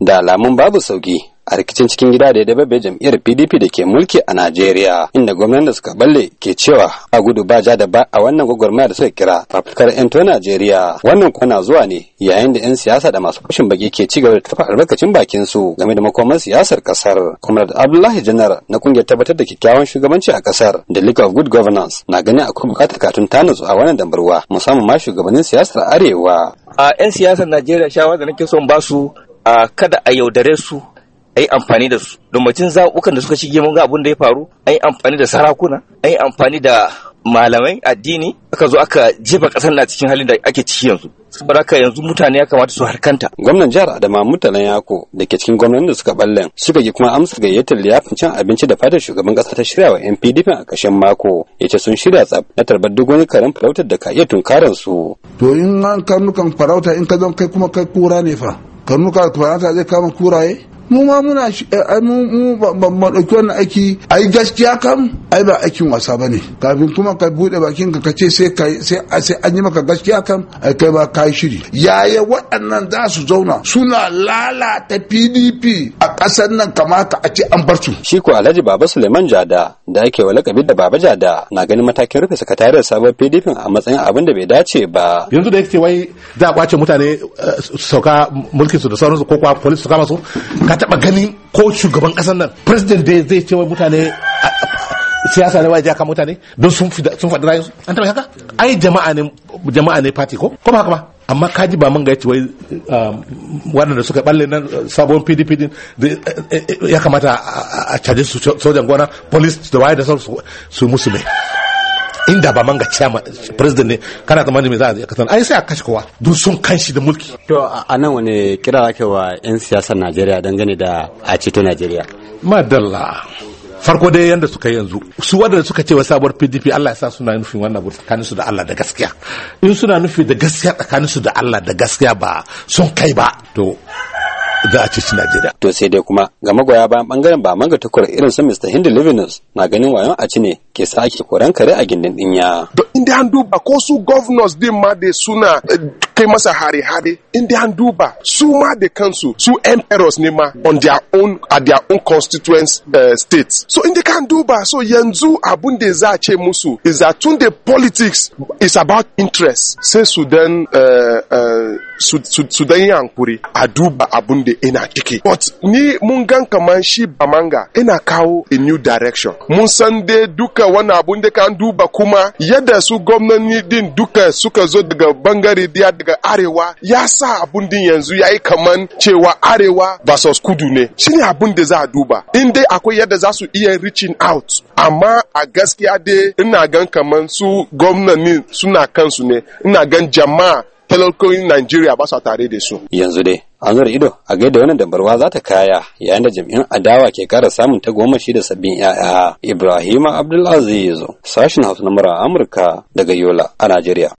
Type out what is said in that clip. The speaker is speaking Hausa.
da alamun babu sauki a rikicin cikin gida da ya dabe jam'iyyar pdp da ke mulki a najeriya inda gwamnan da suka balle ke cewa a gudu ba ja da ba a wannan gwagwarmaya da suka kira fafutukar yan to najeriya wannan na zuwa ne yayin da yan siyasa da masu fashin baki ke ci gaba da tafa albarkacin bakin su game da makoman siyasar kasar da abdullahi janar na kungiyar tabbatar da kyakkyawan shugabanci a kasar da league of good governance na ganin akwai bukatar katun ta nutsu a wannan dambarwa musamman ma shugabannin siyasar arewa a 'yan siyasar najeriya shawar da nake son basu a kada a yaudare su a yi amfani da su domacin zaɓukan da suka shige mun ga abin da ya faru a yi amfani da sarakuna a yi amfani da malamai addini aka zo aka jefa ƙasar na cikin halin da ake ciki yanzu saboda yanzu mutane ya kamata su harkanta gwamnan jihar adama mutanen yako da ke cikin gwamnan da suka ballen suka yi kuma amsa gayyatar liyafin cin abinci da fatar shugaban kasa ta shirya wa yan pdp a ƙarshen mako ya ce sun shirya tsab na tarbar duk wani karen farautar da ka iya tunkaransu to in an karnukan farauta in ka zan kai kuma kai kura ne fa karnuka da turansa zai kama kuraye mu ma muna eh, mu ba ɗauki wannan aiki ai gaskiya kam ai ba aikin wasa bane kafin kuma ka bude bakin ka kace sai kai sai sai an yi maka gaskiya kam ai kai ba kai shiri yaya waɗannan za su zauna suna lalata PDP a ƙasar nan kamata a ci an bar su shi ko Alhaji Baba Suleiman Jada da yake wa lakabi da Baba Jada na ganin matakin rufe sakatariyar sabon PDP a matsayin abin da bai dace ba yanzu da yake wai za a kwace mutane eh, sauka mulkin su da sauransu ko kuwa police su kama su taba ganin ko shugaban kasar nan president da zai ce wa mutane siyasa ne waje haka mutane don sun faɗi rayu an taɓa haka ai jama'a ne jama'a ne party ko ko haka ba amma kaji ba man gaci wai um, waɗanda suka balle nan uh, sabon pdp eh, eh, eh, ya kamata a caje su sojan gona police da waye da su musu mai inda ba manga ciyama president ne kana tsammanin me za a je kasan ai sai a kashe kowa duk sun kanshi da mulki to a nan wani kira ake wa yan siyasar Najeriya dangane da a ceto Najeriya madalla farko dai yanda suka yanzu su wadanda suka ce wa sabuwar pdp allah ya sa suna nufin wannan abu tsakanin su da allah da gaskiya in suna nufi da gaskiya tsakanin su da allah da gaskiya ba sun kai ba to za a suna jira. To sai dai kuma ga magoya bayan bangaren ba manga takura irin su Mr. Hindu Livinus na ganin wayon a ci ne ke sake koran kare a gindin ya. To inda an duba ko su governors din ma da suna eh, kai masa hare-hare inda an duba su ma da kansu su emperors ne ma on their own at their own constituent uh, eh, states. So inda kan duba so yanzu abun da za a ce musu is that tun politics is about interest sai su dan uh, su dan yi a duba abun da ina ciki but ni mun gan kaman shi bamanga ina kawo a new direction mun san dai duka wani abun da kan duba kuma yadda su gwamnani din duka suka zo daga bangare diya daga arewa ya sa abun din yanzu ya yi kaman cewa arewa versus kudu ne shine abun da za a duba in dai akwai yadda za su iya reaching out amma a gaskiya dai ina gan kaman su gwamnani suna kansu ne ina gan jama'a talakoyin Najeriya ba sa tare da su. Yanzu dai, an zura ido a gaida wani dambarwa za ta kaya yayin da jam'in adawa ke kara samun ta goma shi da sabbin 'ya'ya. Ibrahima zo. sashen Hausa na Amurka daga Yola a Najeriya.